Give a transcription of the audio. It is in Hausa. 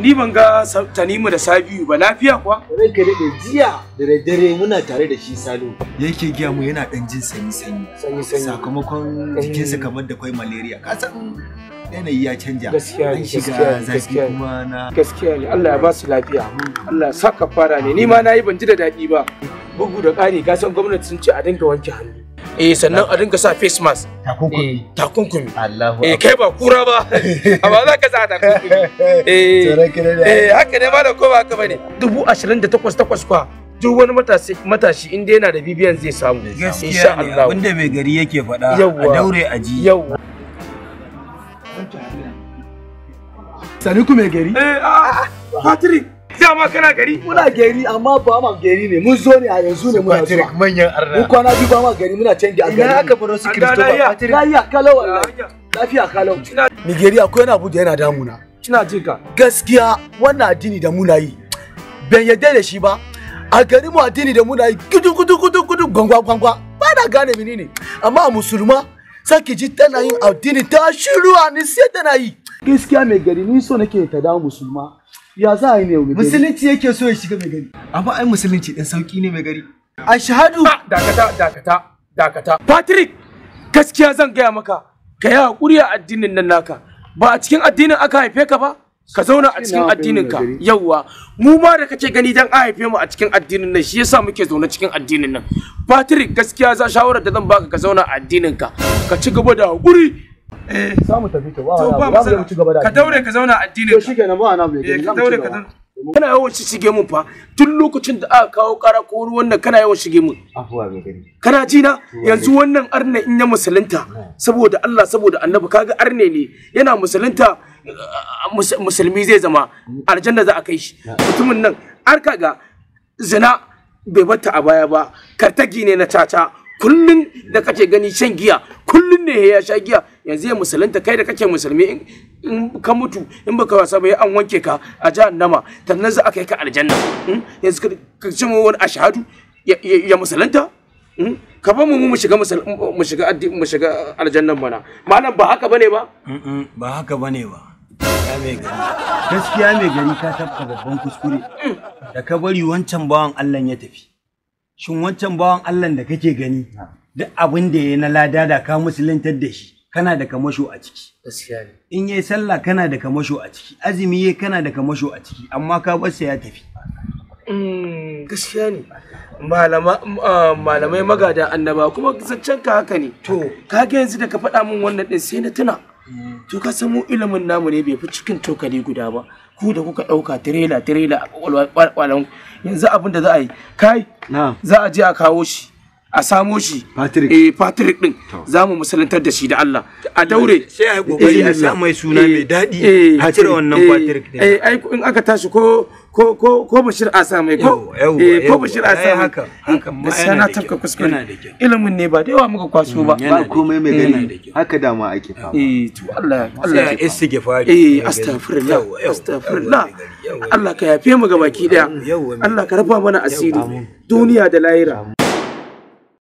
Ni ban ga Tanimu da Sabiu ba lafiya kuwa? Ranka da jiya da daddare muna tare da shi Salo. Yake giya mu yana dan jin sanyi sanyi. Sanyi sanyi. Sakamakon eh. jikinsa kamar da kwai malaria. Ka san yanayi ya canja. Gaskiya ne. Shiga zafi kuma na. Gaskiya ne. Allah ya ba su lafiya. Allah ya saka fara ne. Ni ma na yi ban ji da daɗi ba. Bugu da ƙari ka san gwamnati sun ce a dinga wanke hannu. eh sannan a dinga sa face mask takunkumi eh. takunkumi Allahu eh kai ba kura ba amma za ka sa takunkumi eh eh haka ne malam ko ba bane dubu ashirin da takwas takwas kwa duk wani matashi matashi in dai yana da bibiyan zai samu insha Allah abinda mai gari yake fada a daure a ji yawa sani ku mai gari eh Patrick ah, ah, ah. dama kana gari muna gari amma ba ma gari ne mun zo ne a yanzu ne muna zuwa manyan arna mun kwana biyu ba ma gari muna canji a gari ina aka baro su kristofa lafiya kalau wallahi lafiya kalau nigeria ko yana abuja yana damuna kina jin ka gaskiya wannan addini da muna yi ban yadda da shi ba a garin mu addini da muna yi gudu gudu gudu gudu gwangwa gwangwa ba na gane menene amma a musulma saki ji tana yin addini ta shiru a nisiya tana yi gaskiya mai gari ni so nake ta dawo musulma ya za a yi mai gari musulunci yake so ya shiga mai gari amma ai musulunci dan sauki ne mai gari a shahadu ah, dakata dakata dakata patrick gaskiya zan gaya maka ka yi hakuri a addinin nan naka ba a cikin addinin aka haife ka ba ka zauna a cikin addinin ka yauwa mu ma da kake gani dan an haife mu a cikin addinin nan shi yasa muke zaune cikin addinin nan patrick gaskiya za shawarar da zan baka ka zauna a addinin ka ka ci gaba da hakuri Eh. za mu tafi to ba ba mu ci gaba da ka daure ka zauna addinin to shikenan ba na bai eh, ka daure ka zauna kana yawan shige mun fa tun lokacin da aka kawo kara ko ruwan nan kana yawan shige mun kana ji na yanzu wannan arne in ya musulunta saboda Allah saboda annabi kaga arne ne yana musulunta uh, musulmi zai zama aljanna za a kai shi mutumin nan har kaga zina bai bata a baya ba kartagi ne na caca kullun da kake gani shan giya kullun ne ya sha giya yanzu ya musulunta kai da kake musulmi in ka mutu in baka wasa ba an wanke ka a jahannama tannan za a kai ka aljanna hmm? yanzu ka ce mu wani ashadu ya musulunta hmm? ka ba mu mu shiga mu shiga mu shiga aljannan mana malam ba haka bane ba ba haka bane ba gaskiya mai gari ka tafka babban kuskure da ka bari wancan bawan Allah ya tafi shin wancan bawan Allah da kake gani duk abin da ya na lada da ka musulunta da shi kana da kamasho a ciki gaskiya in yayi sallah kana da kamasho a ciki azumi yayi kana da kamasho a ciki amma ka ya tafi mm, gaskiya ah, malamai magada annaba kuma zancen ka haka ne to ga yanzu da ka faɗa min wannan ɗin sai na tuna mm. to ka san mu ilimin namu ne bai fi cikin tokali guda ba ku da kuka ɗauka tirela tirela a yanzu abin da za a yi kai za a je a kawo shi a samo shi Patrick eh Patrick din za mu musulantar da shi da Allah a daure sai ai kokari a sa mai suna mai eh, dadi eh, eh, a cire wannan Patrick din eh ai in aka tashi ko ko ko ko Bashir a sa mai ko eh ko Bashir a sa haka haka ma yana tafka kuskure ilimin ne ba da yawa muka kwaso ba ba komai mai gani haka da ma ake fama eh to Allah Allah ya istige fari eh astaghfirullah astaghfirullah Allah ka yafe mu gabaki daya Allah ka rafa mana asiri duniya da lahira